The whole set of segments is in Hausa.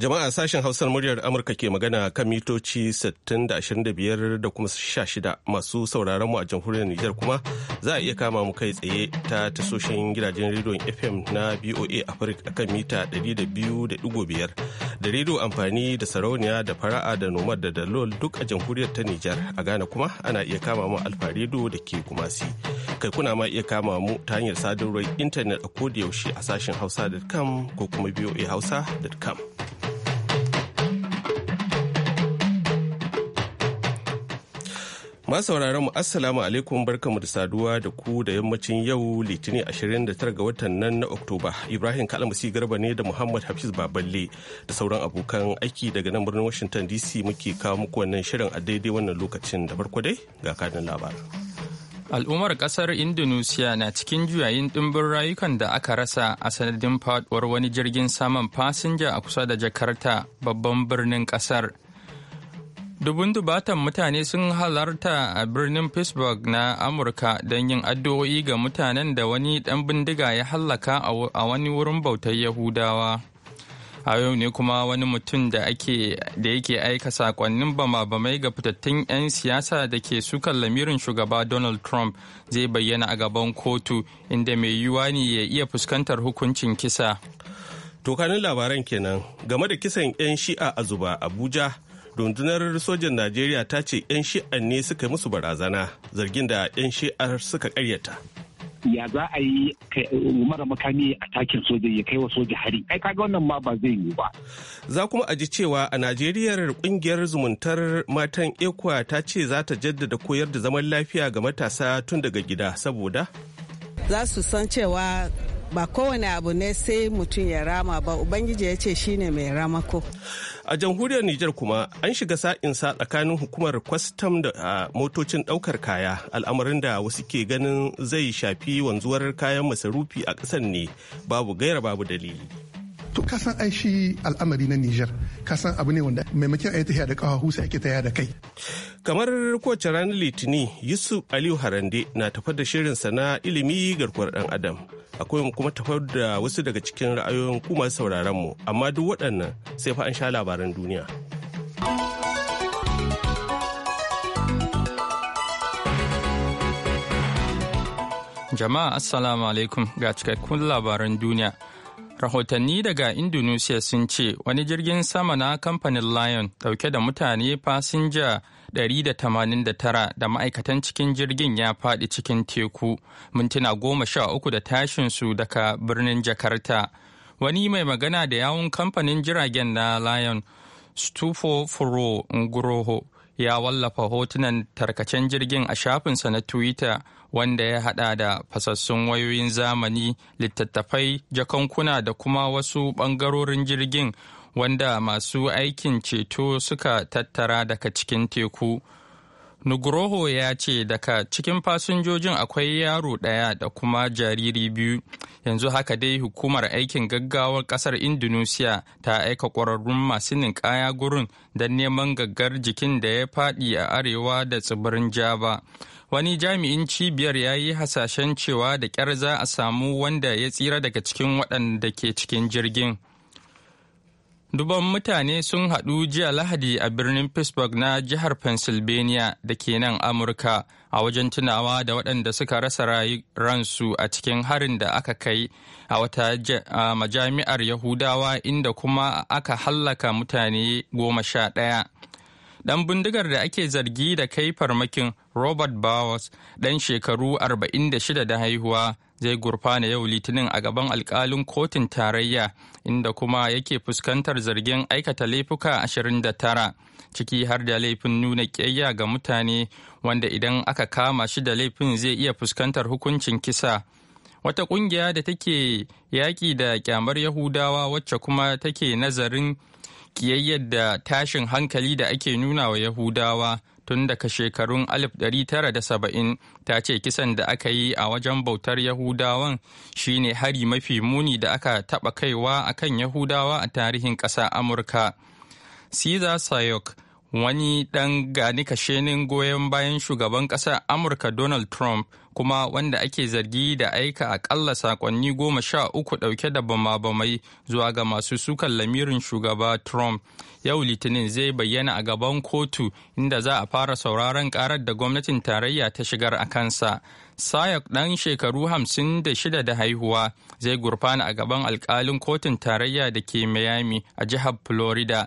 Jama'a sashen Hausar muryar Amurka ke magana kan mitoci 625 da kuma 16 masu sauraron mu a jamhuriyar Nijar kuma za a iya kama mu kai tsaye ta tasoshin gidajen rediyon FM na BOA Africa akan mita 200.5 da rediyo amfani da sarauniya da fara'a da nomad da dalol duk a jamhuriyar ta Nijar a Ghana kuma ana iya kama mu alfa rediyo da ke kumasi. Kai kuna ma iya kama mu ta hanyar sadarwar intanet a yaushe a sashen hausa.com ko kuma hausa.com. Masu sauraron mu assalamu alaikum barkamu da saduwa da ku da yammacin yau litinin 29 ga watan nan na Oktoba. Ibrahim Kalmasi Garba ne da Muhammad Hafiz Baballe da sauran abokan aiki daga nan birnin Washington DC muke kawo muku wannan shirin a daidai wannan lokacin da farko dai ga kanin labarin. Al'ummar kasar Indonesia na cikin juyayin ɗimbin rayukan da aka rasa a sanadin faduwar wani jirgin saman fasinja a kusa da Jakarta babban birnin kasar. Dubun dubatan mutane sun halarta a birnin Pittsburgh na Amurka don yin addu'o'i ga mutanen da wani ɗan bindiga ya hallaka a wani wurin bautar Yahudawa. a yau ne kuma wani mutum da yake aika sakonnin bama-bamai ga fitattun 'yan siyasa da ke sukan lamirin shugaba donald trump zai bayyana a gaban kotu inda mai yiwuwa ne ya iya fuskantar hukuncin kisa tokanin labaran kenan game da kisan 'yan shi'a a zuba abuja rundunar sojan najeriya ta ce 'yan shi'a ne suka musu barazana zargin da 'yan shi'ar suka karyata. ya za a yi uh, mara makami a takin soja ya kai wa soja hari ai kaga wannan ma ba zai yiwu ba za kuma a ji cewa a najeriya kungiyar zumuntar matan ekwa ta ce za ta jaddada koyar da zaman lafiya ga matasa tun daga gida saboda za su san cewa ba kowane abu ne sai mutum ya rama ba ubangiji ya ce shine mai ramako A jamhuriyar Nijar kuma an shiga sa'insa tsakanin hukumar kwastam da motocin ɗaukar kaya al'amarin da wasu ke ganin zai shafi wanzuwar kayan masarufi a ƙasar ne babu gaira babu dalili. to ka san ai shi al'amari na Nijar ka san abu ne wanda maimakon ayi tafiya da kafafu sai ake taya da kai kamar kowace ranar litini Yusuf Aliyu Harande na tafar da shirin sana ilimi garkuwar dan adam akwai kuma tafar da wasu daga cikin ra'ayoyin kuma sauraron mu amma duk waɗannan sai fa an sha labaran duniya Jama'a Assalamu alaikum ga cikakkun labaran duniya. rahotanni daga indonesia sun ce wani jirgin sama na kamfanin lion dauke da mutane fasinja 189 da ma'aikatan cikin jirgin ya faɗi cikin teku mintuna goma sha uku da tashin su daga birnin jakarta wani mai magana da yawun kamfanin jiragen na lion stufo furo nguroho ya wallafa hotunan tarkacen jirgin a shafinsa na twitter wanda ya hada da fasassun wayoyin zamani littattafai jakankuna da kuma wasu bangarorin jirgin wanda masu aikin ceto suka tattara daga cikin teku. Nugroho ya ce daga cikin fasinjojin akwai yaro ɗaya da kuma jariri biyu. Yanzu haka dai hukumar aikin gaggawar ƙasar Indonesia ta aika ƙwararrun masu ninkaya gurin don neman gaggar jikin da ya faɗi a arewa da tsibirin Java. Wani jami'in cibiyar ya yi hasashen cewa da ƙyar za a samu wanda ya tsira daga cikin waɗanda ke cikin jirgin. Duban mutane sun haɗu jiya Lahadi a birnin Pittsburgh na jihar Pennsylvania da ke nan Amurka a wajen tunawa da waɗanda suka rasa ransu a cikin harin da aka kai a wata majami'ar Yahudawa inda kuma aka hallaka mutane goma sha ɗaya. Ɗan bindigar da ake zargi da kai farmakin Robert Bowers ɗan shekaru 46 da haihuwa zai gurfana yau litinin a gaban alkalin kotun tarayya inda kuma yake fuskantar zargin aikata laifuka 29 ciki har da laifin nuna ƙyayya ga mutane wanda idan aka kama shi da laifin zai iya fuskantar hukuncin kisa wata ƙungiya da take yaƙi da ƙyamar yahudawa wacce kuma take nazarin ƙiyayyar da tashin hankali da ake nuna wa yahudawa tun daga shekarun 1970 ta ce kisan da aka yi a wajen bautar yahudawan shine hari mafi muni da aka taɓa kaiwa akan yahudawa a tarihin ƙasa amurka caesar sayok wani ɗan gani kashenin goyon bayan shugaban ƙasar amurka donald trump kuma wanda ake zargi da aika akalla sakonni goma sha uku ɗauke da bama-bamai zuwa ga masu sukan lamirin shugaba trump yau litinin zai bayyana a gaban kotu inda za a fara sauraron ƙarar da gwamnatin tarayya ta shigar a kansa Sayak ɗan shekaru hamsin da shida da haihuwa zai gurfana a gaban alkalin kotun tarayya da ke Miami a jihar Florida,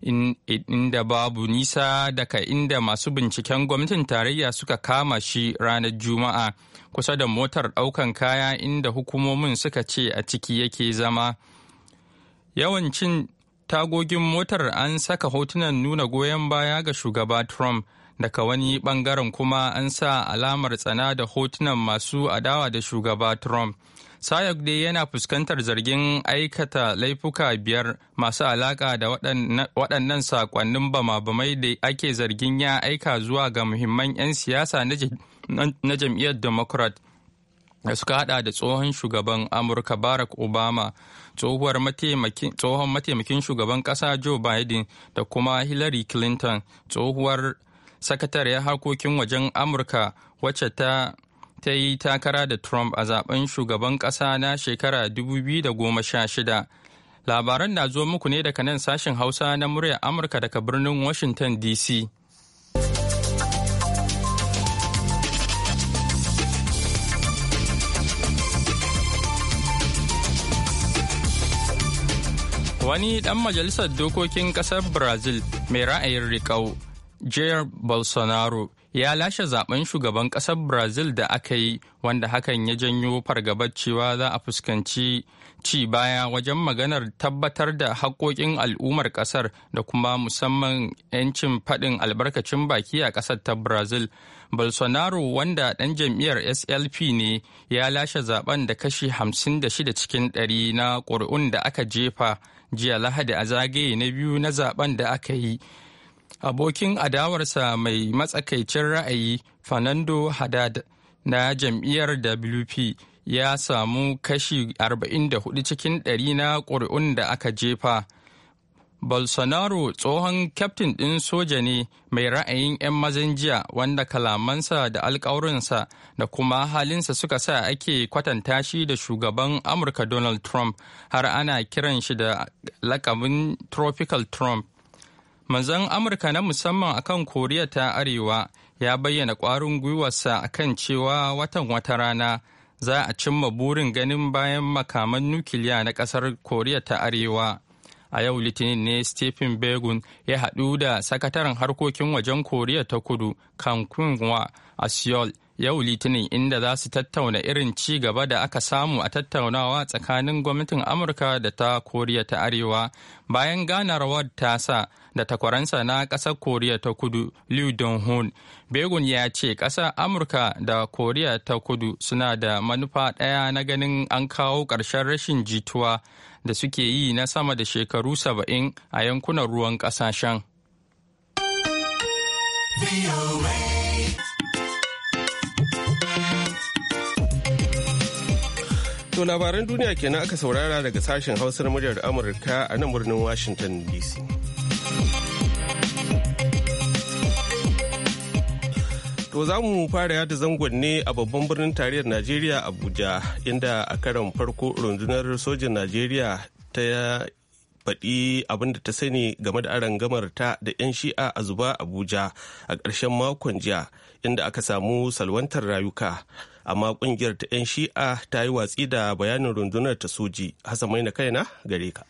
inda babu nisa daga inda masu binciken gwamnatin tarayya suka kama shi ranar Juma'a kusa da motar ɗaukan kaya inda hukumomin suka ce a ciki yake zama. Yawancin tagogin motar an saka hotunan nuna goyon baya ga shugaba Trump. daga wani bangaren kuma an sa alamar tsana da hotunan masu adawa da shugaba trump sayok dai yana fuskantar zargin aikata laifuka biyar masu alaka da waɗannan saƙonnin bama-bamai da ake zargin ya aika zuwa ga muhimman 'yan siyasa na jam'iyyar democrat da suka hada da tsohon shugaban amurka barack obama tsohon mataimakin shugaban ƙasa joe biden da kuma hillary clinton tsohuwar sakatariyar harkokin wajen amurka wacce ta yi takara da trump a zaben shugaban kasa na shekara 2016 labaran na zo muku ne daga nan sashen hausa na muryar amurka daga birnin washington dc wani ɗan majalisar dokokin ƙasar brazil mai ra'ayin riƙau Jair Bolsonaro ya lashe zaben shugaban ƙasar Brazil da aka yi wanda hakan ya janyo fargabar cewa za a fuskanci ci baya wajen maganar tabbatar da haƙoƙin al'ummar ƙasar da kuma musamman 'yancin faɗin albarkacin baki a ƙasar ta Brazil. Bolsonaro wanda ɗan jam'iyyar SLP ne ya lashe zaben da kashi 56 cikin 100 na ƙuri'un da aka jefa jiya Lahadi a zagaye na biyu na zaben da aka yi. abokin adawarsa mai matsakaicin ra'ayi fernando haddad na jam'iyyar wp ya samu kashi 44 cikin ɗari na ƙuri'un da aka jefa bolsonaro tsohon kyaftin ɗin soja ne mai ra'ayin 'yan mazan jiya wanda kalamansa da alkawarinsa da kuma halinsa suka sa ake kwatanta shi da shugaban amurka donald trump har ana kiran shi da lakabin tropical trump manzon amurka na musamman akan koriya ta arewa ya bayyana kwarin gwiwarsa akan cewa watan wata rana za a cimma burin ganin bayan makaman nukiliya na kasar koriya ta arewa a yau litinin ne stephen begun ya haɗu da sakataren harkokin wajen koriya ta kudu kan kunwa a seoul yau litinin inda za su tattauna irin ci gaba da aka samu a tattaunawa tsakanin gwamnatin amurka da ta koriya ta arewa bayan ta sa. da takwaransa na ƙasar koriya ta kudu liu dong-hun begun ya ce ƙasar amurka da koriya ta kudu suna da manufa ɗaya na ganin an kawo ƙarshen rashin jituwa da suke yi na sama da shekaru saba'in a yankunan ruwan ƙasashen. To labaran duniya kenan aka saurara daga sashen hausar muryar Amurka a nan birnin Washington DC. To za mu fara yada zangon ne a babban birnin tarayyar Najeriya Abuja inda a karan farko rundunar sojin Najeriya ta faɗi abinda ta sani game da arangamar ta da 'yan shi'a a zuba Abuja a ƙarshen makon jiya inda aka samu salwantar rayuka. Amma ƙungiyar ta 'yan shi'a ta yi watsi da bayanin rundunar ta soji. Hassan Maina kaina gare ka.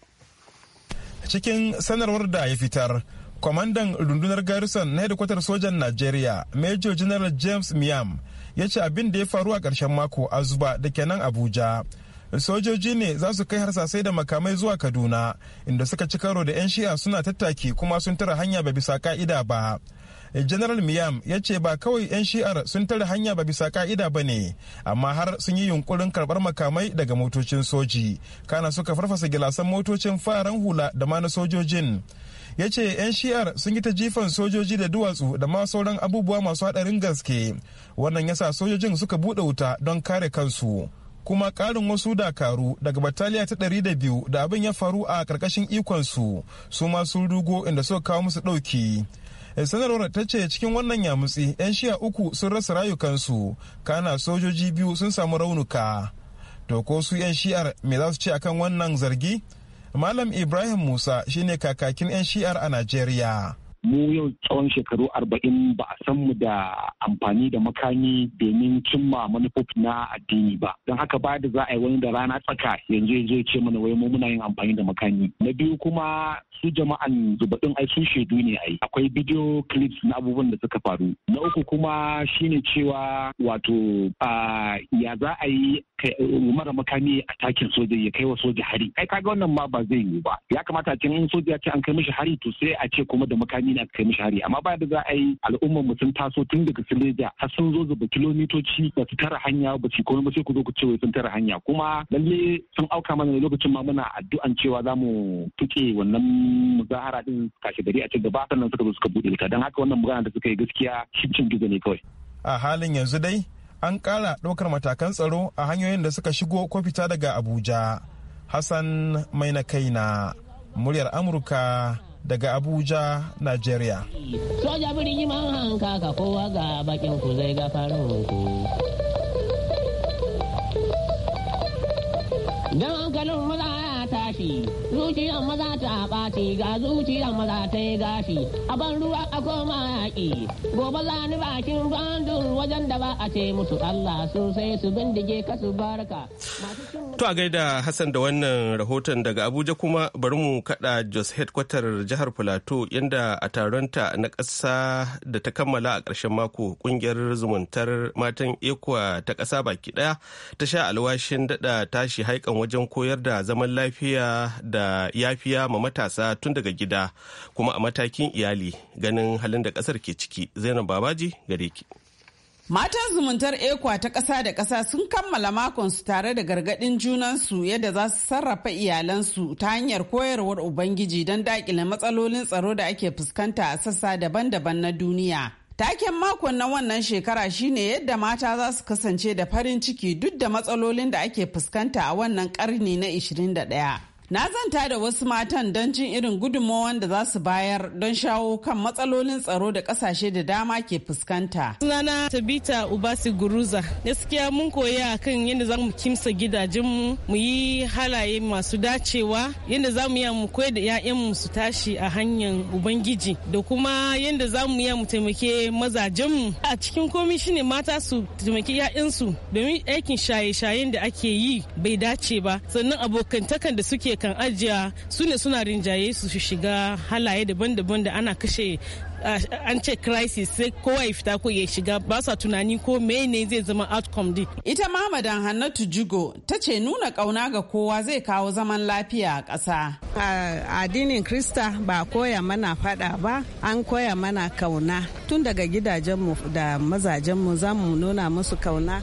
Cikin sanarwar da ya fitar, kwamandan rundunar garrison na hedikwatar sojan najeriya major general james miam ya ce abin da ya faru a ƙarshen mako a zuba da kenan abuja sojoji ne za su kai harsasai da makamai zuwa kaduna inda suka ci karo da 'yan shi'a suna tattaki kuma sun tara hanya ba bisa ka'ida ba general miam ya ce ba kawai 'yan shi'ar sun tara hanya ba bisa ka'ida ba ne amma har sun yi yunkurin karbar makamai daga motocin soji kana suka farfasa gilasan motocin faran hula da ma na sojojin ya ce 'yan shi'ar sun yi ta jifan sojoji da duwatsu da ma sauran abubuwa masu haɗarin gaske wannan yasa sojojin suka buɗe wuta don kare kansu kuma ƙarin wasu dakaru daga bataliya ta ɗari da biyu da abin ya faru a ƙarƙashin ikonsu su ma sun rugo inda suka kawo musu ɗauki eh, sanarwar ta ce cikin wannan yamutsi 'yan shiya uku sun rasa rayukansu kana sojoji biyu sun samu raunuka to ko su 'yan shi'ar me za su ce akan wannan zargi Malam Ibrahim Musa shine kakakin 'yan shi'ar a Najeriya. mu yau tsawon shekaru arba'in ba a san mu da amfani da makami domin cimma manufofi na addini ba don haka ba da za a yi wani da rana tsaka yanzu ya ce mana wai mu muna yin amfani da makami na biyu kuma su jama'an zubaɗin ai sun shaidu ne ai akwai bidiyo clips na abubuwan da suka faru na uku kuma shine cewa wato ya za a yi mara makami a takin soja ya kai wa soja hari ai kaga wannan ma ba zai yiwu ba ya kamata a in soja ce an kai mishi hari to sai a ce kuma da makami ne aka kai mishi hari amma ba da za a yi al'ummar mu sun taso tun daga sileja har sun zo zuba kilomitoci ba su tara hanya ba su komai ba sai ku zo ku ce sun tara hanya kuma lalle sun auka mana ne lokacin ma muna addu'an cewa za mu tuke wannan muzahara din kashe gari a ci gaba sannan suka zo suka buɗe ta don haka wannan magana da suka yi gaskiya cin gizo ne kawai a halin yanzu dai an ƙara ɗaukar matakan tsaro a hanyoyin da suka shigo ko fita daga abuja hassan mai na kaina muryar amurka daga Abuja, Nigeria. Soja birni man hanka ka kowa ga bakin ku zai gafarin ku. Dankalin maza ya tashi, zuciyar maza ta ɓaci ga zuciyar maza ta yi gashi, a ban ruwa a koma yaƙi, gobe za ni bakin bandun wajen da ba a ce musu Allah sosai su bindige ka su barka. To a gaida Hassan da wannan rahoton daga Abuja kuma bari mu kada Jos headquarter jihar Filato inda a taronta na ƙasa da ta kammala a ƙarshen mako ƙungiyar zumuntar matan ekwa ta ƙasa baki ɗaya ta sha alwashin daɗa tashi haikan wajen koyar da zaman lafiya da yafiya ma matasa tun daga gida kuma a matakin iyali ganin halin da ƙasar ke ciki. Zainab Babaji gare ki. Matan zumuntar ekwa ta ƙasa da ƙasa sun kammala makon su tare da gargaɗin junansu yadda za su sarrafa iyalansu ta hanyar koyarwar Ubangiji don daƙile matsalolin tsaro da ake fuskanta a sassa daban-daban na duniya. Taken makon na wannan shekara shine yadda mata za su kasance da farin ciki duk da matsalolin da ake fuskanta a wannan ƙarni na 21. Na zanta da wasu matan don jin irin gudunmawar da za su bayar don shawo kan matsalolin tsaro da kasashe da dama ke fuskanta. Sunana Tabita Ubasi Guruza. Gaskiya mun koya kan yadda za mu kimsa gidajenmu mu yi halaye masu dacewa yadda za mu yi mu koya da 'ya'yanmu su tashi a hanyar Ubangiji da kuma yadda za mu yi mu taimake mazajenmu. A cikin komi shine mata su taimaki 'ya'yansu domin aikin shaye-shayen da ake yi bai dace ba sannan abokantakan da suke kan ajiya su ne suna rinjaye su shiga halaye daban-daban da ana kashe ah, an ce crisis sai kowa ya fita ko ya shiga ba sa tunani ko ne zai zama outcome din. Ita ma Hannatu Jugo ta ce nuna kauna ga kowa zai kawo zaman lafiya a ƙasa. Addinin Krista ba koya mana fada ba an koya mana kauna tun daga gidajenmu da mazajenmu za mu nuna musu kauna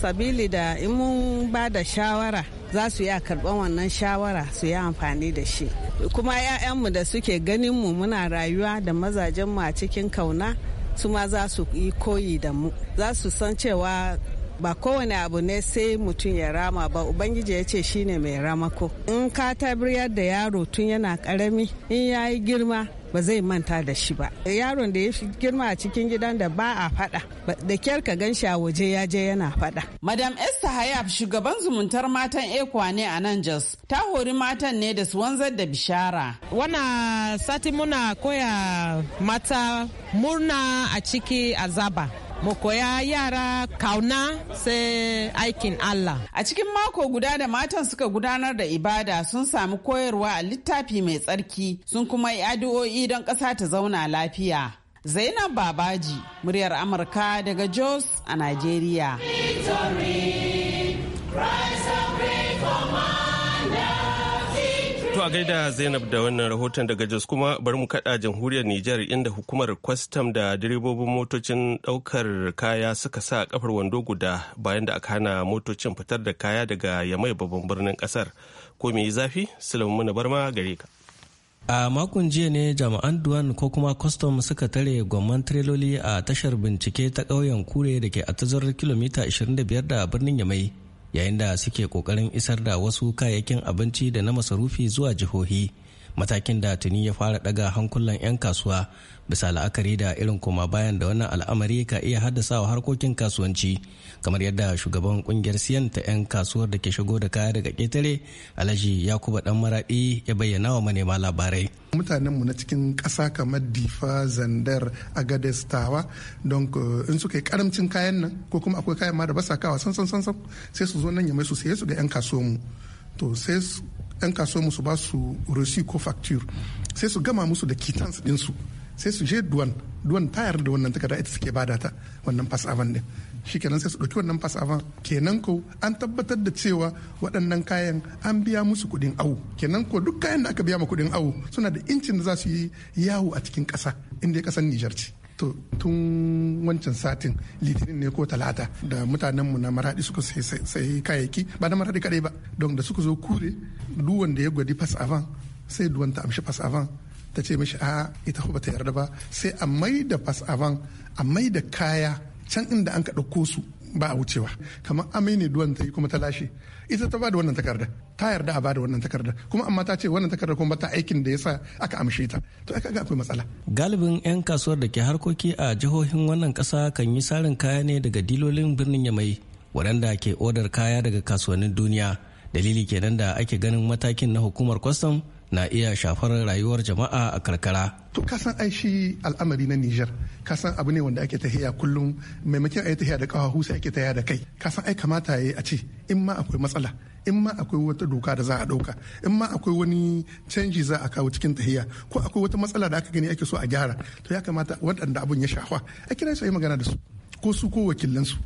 sabili da in mun ba da shawara za su ya karɓan wannan shawara su yi amfani da shi kuma 'ya'yanmu da suke ganin mu muna rayuwa da mazajen mu a cikin kauna su ma za su yi koyi da mu za su san cewa ba kowane abu ne sai mutum ya rama ba ubangiji ya ce shine mai ramako in ka tabbiyar da yaro tun yana karami in ya yi girma ba zai manta da shi ba yaron da ya fi girma a cikin gidan da ba a fada da kyar ka gan shi a waje ya je yana fada madam esther hayab shugaban zumuntar matan ekwa ne a nan jos ta hori matan ne da su wanzar da bishara wana sati muna koya mata murna a ciki azaba mu koya yara kauna sai aikin Allah. A cikin mako guda da matan suka gudanar da ibada sun samu koyarwa a littafi mai tsarki sun kuma yi addu'o'i don ƙasa ta zauna lafiya. Zainab Babaji, muryar Amurka daga Jos a Najeriya. a gaida Zainab da wannan rahoton daga Jos kuma bari mu kada jamhuriyar Nijar inda hukumar kwastam da direbobin motocin daukar kaya suka sa kafar wando guda bayan da aka hana motocin fitar da kaya daga yamai babban birnin kasar. Ko me zafi? Sulaimu Barma gare ka. a makon jiya ne jami'an duwan ko kuma kwastam suka tare gwamman tireloli a tashar bincike ta ƙauyen kure da ke a tazarar kilomita 25 da birnin yamai yayin da suke kokarin isar da wasu kayayyakin abinci da na masarufi zuwa jihohi matakin da tuni ya fara daga hankulan 'yan kasuwa bisa la'akari da irin koma bayan da wannan al'amari ka iya haddasa wa harkokin kasuwanci kamar yadda shugaban kungiyar siyan ta 'yan kasuwar da ke shigo da kaya daga ketare alhaji yakuba dan maraɗi ya bayyana wa manema labarai mutanen mu na cikin ƙasa kamar difa zandar agades tawa don in suka yi karamcin kayan nan ko kuma akwai kayan ma da ba sa kawa san san sai su zo nan ya mai su saye su ga 'yan kasuwar mu to sai 'yan kasuwa musu ba su rosi ko facture sai su gama musu da kitans ɗinsu sai su je duwan duwan ta da wannan takarda ita suke bada ta wannan pass avant din kenan sai su ɗauki wannan pass avant kenan ko an tabbatar da cewa waɗannan kayan an biya musu kuɗin awu kenan ko duk kayan da aka biya ma kuɗin awu suna da incin da za su yi yawo a cikin ƙasa inda ya ƙasar Nijar ce to tun wancan satin litinin ne ko talata da mutanenmu na maradi suka sayi kayayyaki ba na maradi kadai ba don da suka zo kure duwan wanda ya gwadi fas avant sai duwan ta amshi fas avant ta ce mishi a ita ba ta yarda ba sai a mai da fas avant a mai da kaya can inda an ka ɗauko su ba a wucewa kamar amini duwan ta yi kuma ta lashe ita ta bada wannan takarda ta yarda a bada wannan takarda kuma amma ta ce wannan takarda kuma ta aikin da yasa aka amshe ta to aka ga akwai matsala galibin yan kasuwar da ke harkoki a jihohin wannan kasa kan yi sarin kaya ne daga dilolin birnin yamai waɗanda ke odar kaya daga kasuwannin duniya dalili kenan da ake ganin matakin na hukumar kwastam na iya shafar rayuwar jama'a a karkara. To kasan ai shi al'amari na Nijar kasan abu ne wanda ake tahiya kullum maimakon ayi tahiya da kafafu sai ake tahiya da kai kasan ai kamata yayi a ce in ma akwai matsala in ma akwai wata doka da za a dauka in ma akwai wani canji za a kawo cikin tahiya ko akwai wata matsala da aka gani ake so a gyara to ya kamata waɗanda abun ya shafa a kira su yi magana da su ko su ko su.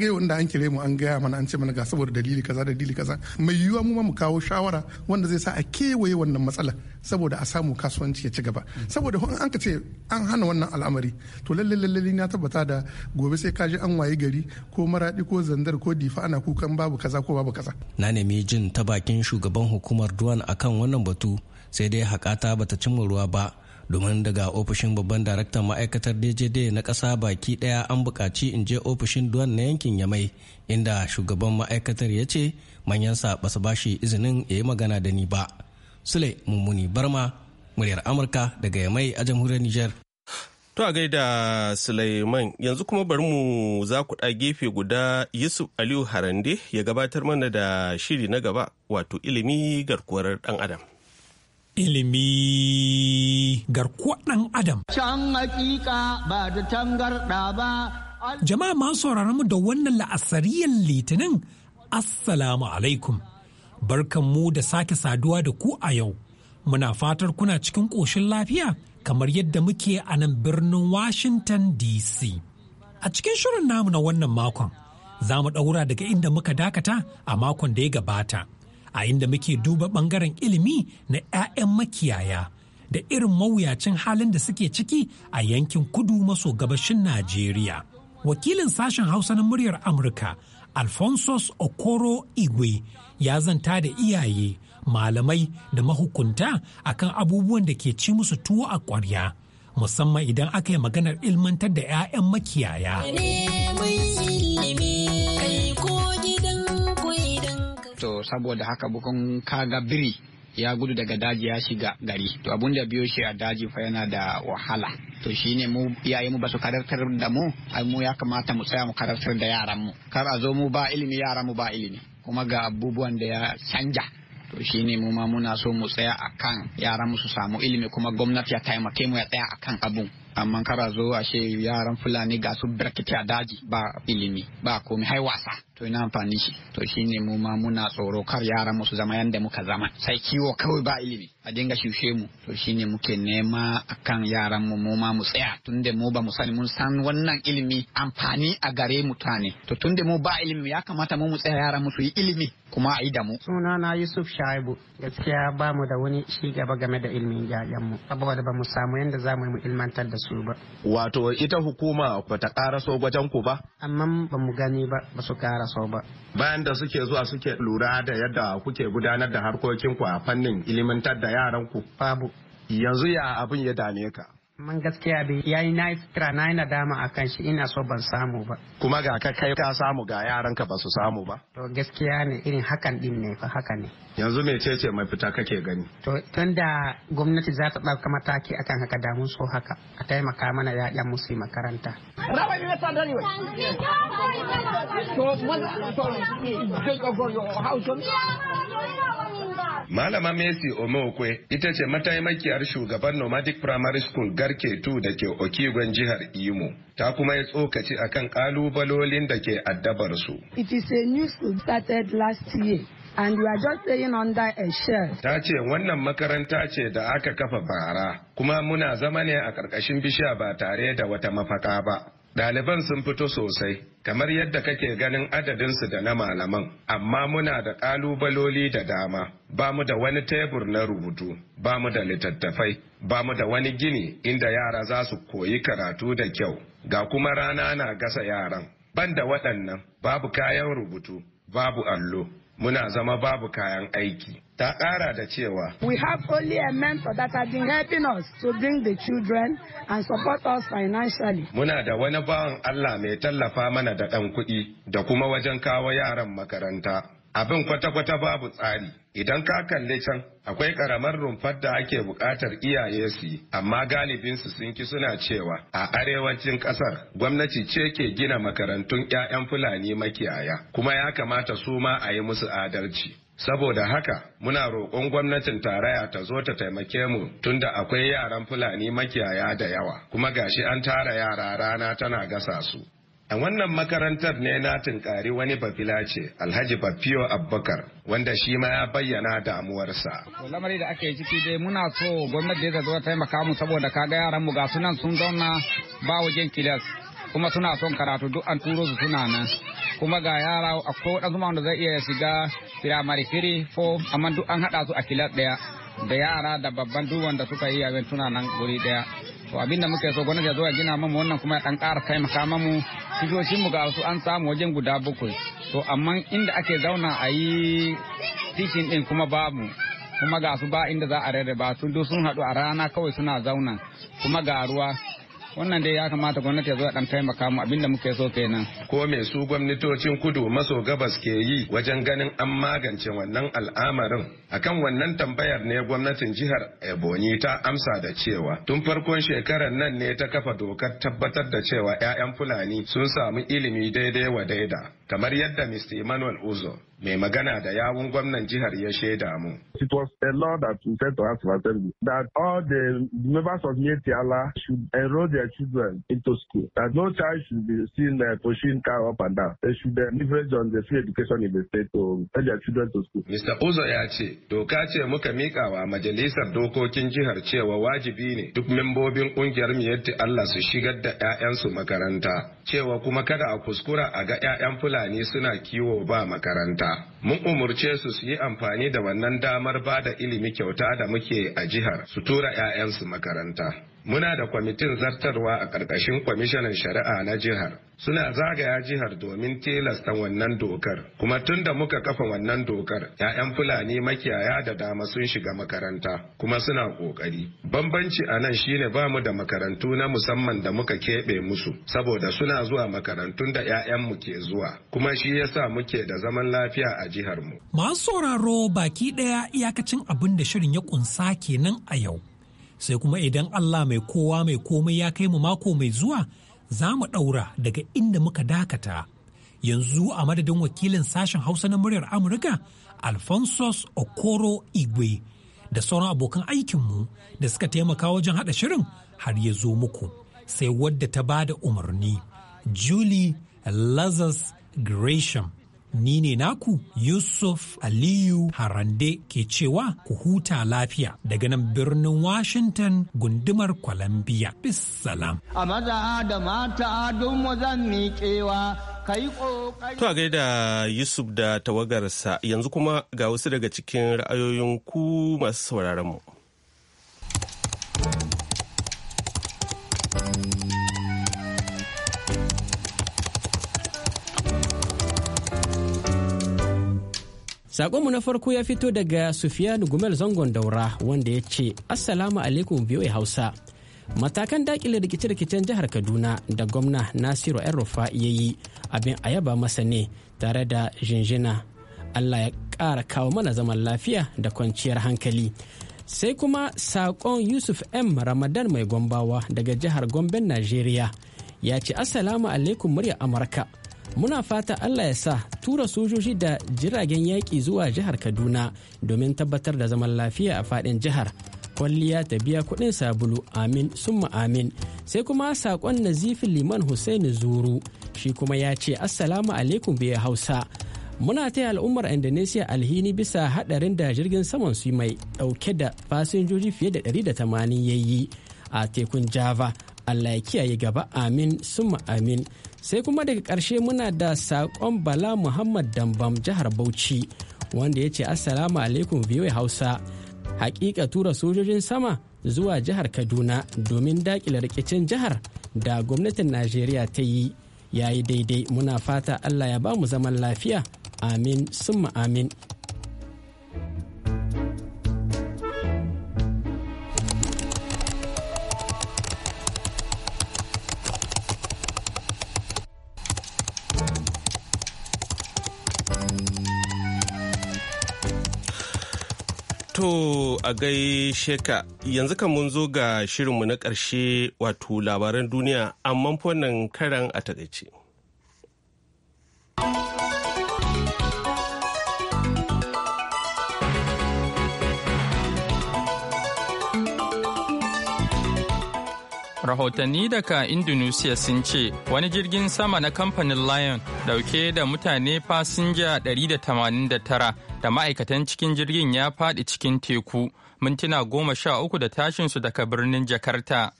yau inda an kire mu an gaya mana an ce mana ga saboda dalili kaza dalili kaza mai yiwuwa mu ma mu kawo shawara wanda zai sa a kewaye wannan matsala saboda a samu kasuwanci ya ci gaba saboda in an ka ce an hana wannan al'amari to lalle lalle na tabbata da gobe sai ka ji an waye gari ko maradi ko zandar ko difa ana kukan babu kaza ko babu kaza na nemi jin ta bakin shugaban hukumar duwan akan wannan batu sai dai hakata bata cimma ruwa ba domin daga ofishin babban daraktan ma'aikatar djd na ƙasa baki ɗaya an buƙaci in je ofishin duwan na yankin yamai inda shugaban ma'aikatar ya ce manyansa ba su bashi izinin ya yi magana da ni ba sule mummuni barma muryar amurka daga yamai a jamhuriyar niger To a gaida Sulaiman yanzu kuma bari mu za ku ɗa gefe guda Yusuf Aliyu Harande ya gabatar mana da shiri na gaba wato ilimi garkuwar ɗan Adam. ilimi garkuwa ɗan adam. Can hakika ba da tangarɗa ba. Jama'a ma sauraron mu da wannan la'asariyar litinin Assalamu alaikum. Barkan mu da sake saduwa da ku a yau. Muna fatar kuna cikin ƙoshin lafiya kamar yadda muke a nan birnin Washington DC. A cikin shirin namu na wannan makon, za mu ɗaura daga inda muka dakata a makon da ya gabata. a inda muke duba bangaren ilimi na 'ya'yan makiyaya da irin mawuyacin halin da suke ciki a yankin kudu maso gabashin Najeriya. Wakilin sashen Hausa na muryar Amurka, Alphonsus Okoro Igwe, ya zanta da iyaye, malamai da mahukunta akan abubuwan da ke ci musu tuwo a ƙwarya, musamman idan aka yi maganar ilmantar da 'ya'yan makiyaya. saboda haka bukun kaga biri ya gudu daga daji ya shiga gari to abun da biyo shi a daji fa yana da wahala to shine mu iyaye mu ba su karantar da mu ai mu ya kamata mu tsaya mu karantar da yaran mu kar a zo mu ba ilimi yaran mu ba ilimi kuma ga abubuwan da ya canja to shine mu ma muna so mu tsaya akan yaran mu su samu ilimi kuma gwamnati ya taimake mu ya tsaya akan abun amma kar a zo ashe yaran fulani ga su birkiti a daji ba ilimi ba komai hai wasa to ina amfani shi to shine mu ma muna tsoro kar yaran mu zama yanda muka zama sai kiwo kawai ba ilimi a dinga shushe mu to shine muke nema akan yaran mu mu ma mu tsaya tunda mu ba mu sani mun san wannan ilimi amfani a gare mutane to tunda mu ba ilimi ya kamata mu mu tsaya yaran mu su yi ilimi kuma a yi da mu suna na Yusuf Shaibu gaskiya ba mu da wani shi gaba game da ilimin yayan mu saboda ba mu samu yanda za mu yi ilmantar da su ba wato ita hukuma ba ta karaso wajen ku ba amma ba mu gani ba ba su kara kasuwa ba bayan da suke zuwa suke lura da yadda kuke gudanar da harkokin ku a fannin ilimantar da yaran ku babu yanzu ya abin ya dame ka man gaskiya bai yayi na yi fikira na yi nadama a kan shi ina so ban samu ba kuma ga ka kai ka samu ga yaranka ba su samu ba to gaskiya ne irin hakan din ne fa haka ne yanzu mecece mai fita kake gani to tunda gwamnati za ta ɗauka mataki akan haka da so haka a taimaka mana yayan musu makaranta to Malama Messi Omokwe ita ce mataimakiyar shugaban Nomadic Primary School Garke 2 da ke Okigwen jihar Imo. Ta kuma ya tsokaci kan kalubalolin da ke addabar su. It is a new school started last year. and we are just staying under a shell. Ta ce wannan makaranta ce da aka kafa bara kuma muna zama ne a ƙarƙashin bishiya ba tare da wata mafaka ba. Ɗaliban sun fito sosai, kamar yadda kake ganin adadinsu da na malaman, amma muna da ƙalubaloli da dama, ba mu da wani tebur na rubutu, ba mu da littattafai, ba mu da wani gini inda yara za su koyi karatu da kyau, ga kuma rana na gasa yaran. ban da waɗannan, babu kayan rubutu, babu allo, muna zama babu kayan aiki. Ta ƙara da cewa. We have only a mentor that has been helping us to bring the children and support us financially. Muna da wani bawan Allah mai tallafa mana da ɗan kuɗi da kuma wajen kawo yaran makaranta. abin kwata-kwata babu tsari idan ka kalle can akwai karamar rumfar da ake buƙatar iyaye su yi amma galibinsu sun ki suna cewa a arewacin ƙasar gwamnati ce ke gina makarantun 'ya'yan fulani makiyaya kuma ya kamata su ma a yi musu adalci saboda haka muna roƙon gwamnatin tarayya ta zo ta taimake mu tunda akwai yaran fulani makiyaya da yawa kuma gashi an tara yara rana tana gasa su A wannan makarantar ne na tunkari wani bafila ce Alhaji Bafiyo Abubakar wanda shi ma ya bayyana damuwarsa. Lamari da ake ciki dai muna so gwamnati da zo taimaka mu saboda kaga yaran mu ga sunan sun zauna ba wajen kilas kuma suna son karatu duk an turo su suna nan. Kuma ga yara akwai waɗansu wanda zai iya shiga firamare firi ko amma duk an haɗa su a kilas ɗaya da yara da babban duk wanda suka yi abin suna nan guri ɗaya. To abinda muke so gwamnati ya zo ya gina mamu wannan kuma ya ɗan ƙara taimaka mamu mu ga su an samu wajen guda bakwai to amma inda ake zauna a yi titin din kuma babu kuma ga su ba inda za a rarraba sun do sun haɗu a rana kawai suna zauna kuma ga ruwa wannan dai ya kamata gwamnati ya zo dan taimaka mu abinda muke so kenan ko me su gwamnatocin kudu maso gabas ke yi wajen ganin an magance wannan al'amarin akan wannan tambayar ne gwamnatin jihar Ebonyi ta amsa da cewa tun farkon shekarar nan ne ta kafa dokar tabbatar da cewa 'ya'yan Fulani sun samu ilimi daidai wa daida kamar yadda Mr. Emmanuel Uzo mai magana da yawun gwamnan jihar ya shaida mu. It was a law that we said to us that all the members of Yetiala should enroll their children into school. That no child should be seen uh, pushing car up and down. They should uh, leverage on the free education in the state to send their children to school. Mr. Uzo ya ce, doka ce muka mika wa majalisar dokokin jihar cewa wajibi ne duk membobin kungiyar Miyatti Allah su shigar da 'ya'yansu makaranta. Cewa kuma kada a kuskura a ga 'ya'yan Fulani Fulani suna kiwo ba makaranta. Mun umurce su su yi amfani da wannan damar ba da ilimi kyauta da muke a jihar su tura 'ya'yansu makaranta. Muna da kwamitin zartarwa a ƙarƙashin kwamishinan shari'a na jihar. Suna zagaya jihar domin tilasta wannan dokar, kuma tun da muka kafa wannan dokar, 'ya'yan Fulani makiyaya da dama sun shiga makaranta, kuma suna ƙoƙari. Bambanci a nan shine ba mu da makarantu na musamman da muka keɓe musu, saboda suna zuwa makarantun da 'ya'yanmu ke zuwa, kuma shi yasa muke da zaman lafiya a jihar mu. Masu sauraro baki ɗaya iyakacin abin da shirin ya ƙunsa kenan a yau. sai kuma idan Allah mai kowa mai komai ya kai mu mako mai zuwa za mu ɗaura daga inda muka dakata. Yanzu a madadin wakilin sashen Hausa na muryar Amurka, Alphonsus Okoro Igwe, da sauran abokan aikinmu da suka taimaka wajen haɗa shirin har ya zo muku. Sai wadda ta ba da umarni, Julie Lazarus Gresham. ni ne naku Yusuf Aliyu Harande ke cewa ku huta lafiya daga nan birnin Washington gundumar Columbia. Bissalam. A maza da mata don zan miƙewa To gai gaida Yusuf da tawagarsa yanzu kuma ga wasu daga cikin ra'ayoyin ku masu sauraron mu. Sakonmu na farko ya fito daga Sufiyan Gumel Zangon Daura wanda ya ce, Assalamu alaikum biyoyi Hausa. Matakan dakile rikice-rikicen jihar Kaduna da gwamna Nasiru ‘yan rufa ya yi abin a yaba masa ne tare da jinjina. Allah ya ƙara kawo mana zaman lafiya da kwanciyar hankali. Sai kuma saƙon Yusuf M. Ramadan mai gombawa daga jihar Gomben, Najeriya ya ce, Assalamu alaikum murya Amurka. muna fata allah ya sa tura sojoji da jiragen yaƙi zuwa jihar kaduna domin tabbatar da zaman lafiya a fadin jihar kwalliya ta biya kuɗin sabulu amin summa amin sai kuma saƙon nazifin liman hussaini zuru shi kuma ya ce assalamu alaikum biya hausa muna taya al'ummar indonesia alhini bisa hadarin da jirgin saman su mai dauke da fasinjoji fiye da 180 yayi a tekun java Allah ya kiyaye gaba amin summa amin sai kuma daga ƙarshe muna da saƙon bala muhammad dambam jihar bauchi wanda ya ce assalamu alaikum biyu hausa hakika tura sojojin sama zuwa jihar kaduna domin daƙile rikicin jihar da gwamnatin najeriya ta yi ya yi daidai muna fata allah ya ba mu zaman lafiya amin summa amin a gaishe ka yanzu kan mun zo ga shirinmu na ƙarshe wato labaran duniya amma wannan karan a takaice. rahotanni daga indonesia sun ce wani jirgin sama na kamfanin lion dauke da mutane fasinja 189 da ma'aikatan cikin jirgin ya fadi cikin teku mintuna goma sha uku da tashinsu daga birnin jakarta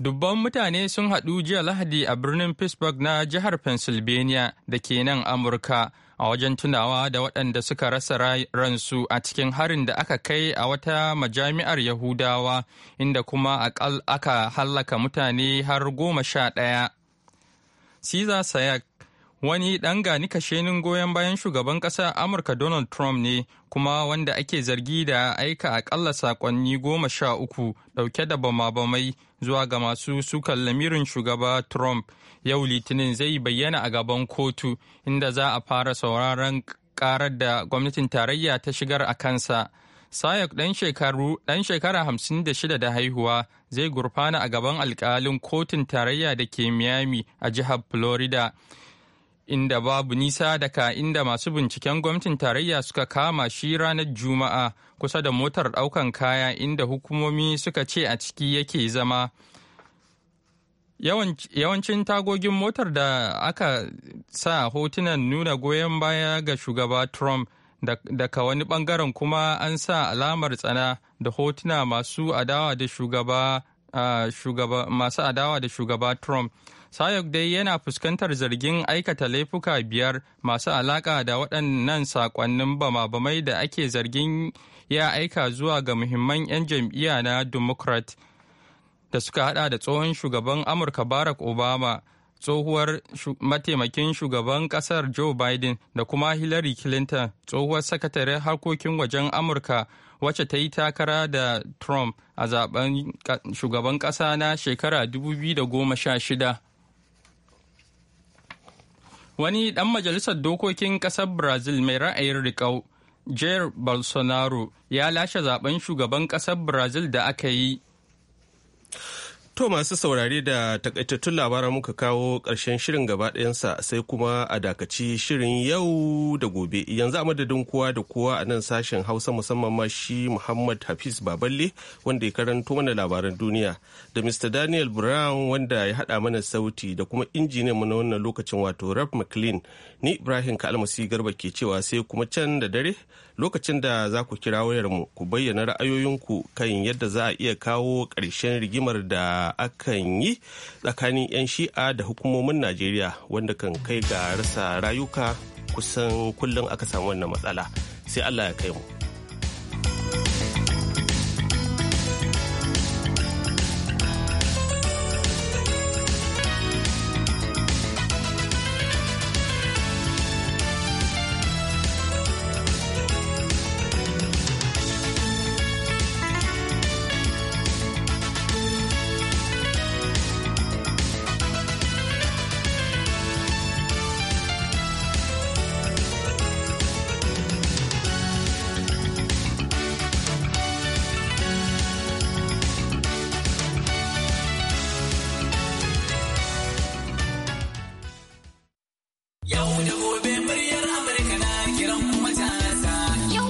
dubban mutane sun haɗu jiya lahadi a birnin pittsburgh na jihar pennsylvania da ke nan amurka a wajen tunawa da waɗanda suka rasa ransu a cikin harin da aka kai a wata majami'ar Yahudawa inda kuma aka hallaka mutane har goma sha ɗaya. caesar Sayak wani ɗan gani kashenin goyon bayan shugaban ƙasa Amurka Donald Trump ne kuma wanda ake zargi da aika aƙalla saƙonni goma sha uku ɗauke da bama-bamai zuwa ga masu sukan lamirin shugaba Trump yau litinin zai bayyana a gaban kotu inda za a fara sauraron karar da gwamnatin tarayya ta shigar a kansa sayok ɗan shekara hamsin da shida da haihuwa zai gurfana a gaban alkalin kotun tarayya da ke miami a jihar florida inda babu nisa daga inda masu binciken gwamnatin tarayya suka kama shi ranar juma'a kusa da motar ɗaukan kaya inda hukumomi suka ce a ciki yake zama Yawancin tagogin motar da aka sa hotunan nuna goyon baya ga shugaba Trump daga wani bangaren kuma an sa alamar tsana da hotuna masu adawa da shugaba masu adawa da shugaba Trump. Sayok dai yana fuskantar zargin aikata laifuka biyar masu alaka da waɗannan saƙonnin bama-bamai da ake zargin ya aika zuwa ga muhimman 'yan jam'iyya na Democrat. da suka hada da tsohon shugaban amurka barack obama tsohuwar mataimakin shugaban kasar joe biden da kuma hillary clinton tsohuwar sakatare harkokin wajen amurka wacce ta yi takara da trump a zaben shugaban kasa na shekara 2016 wani dan majalisar dokokin kasar brazil mai ra'ayin riƙau jair bolsonaro ya lashe zaben shugaban kasar brazil da aka yi To masu saurare da takaitattun labaran muka kawo ƙarshen shirin gaba ɗayansa sai kuma a dakaci shirin yau da gobe. Yanzu a madadin kowa da kowa a nan sashen Hausa musamman ma shi Muhammad Hafiz Baballe wanda ya karanto mana labaran duniya da Mr. Daniel Brown wanda ya haɗa mana sauti da kuma injiniyan mu na wannan lokacin wato Rob McLean Ni Ibrahim Kalmasi Garba ke cewa sai kuma can da dare lokacin da za ku kira wayarmu ku bayyana ra'ayoyinku kan yadda za a iya kawo ƙarshen rigimar da akan yi tsakanin 'yan shi'a da hukumomin Najeriya wanda kan kai ga rasa rayuka kusan kullum aka samu wannan matsala. Sai Allah ya kai mu.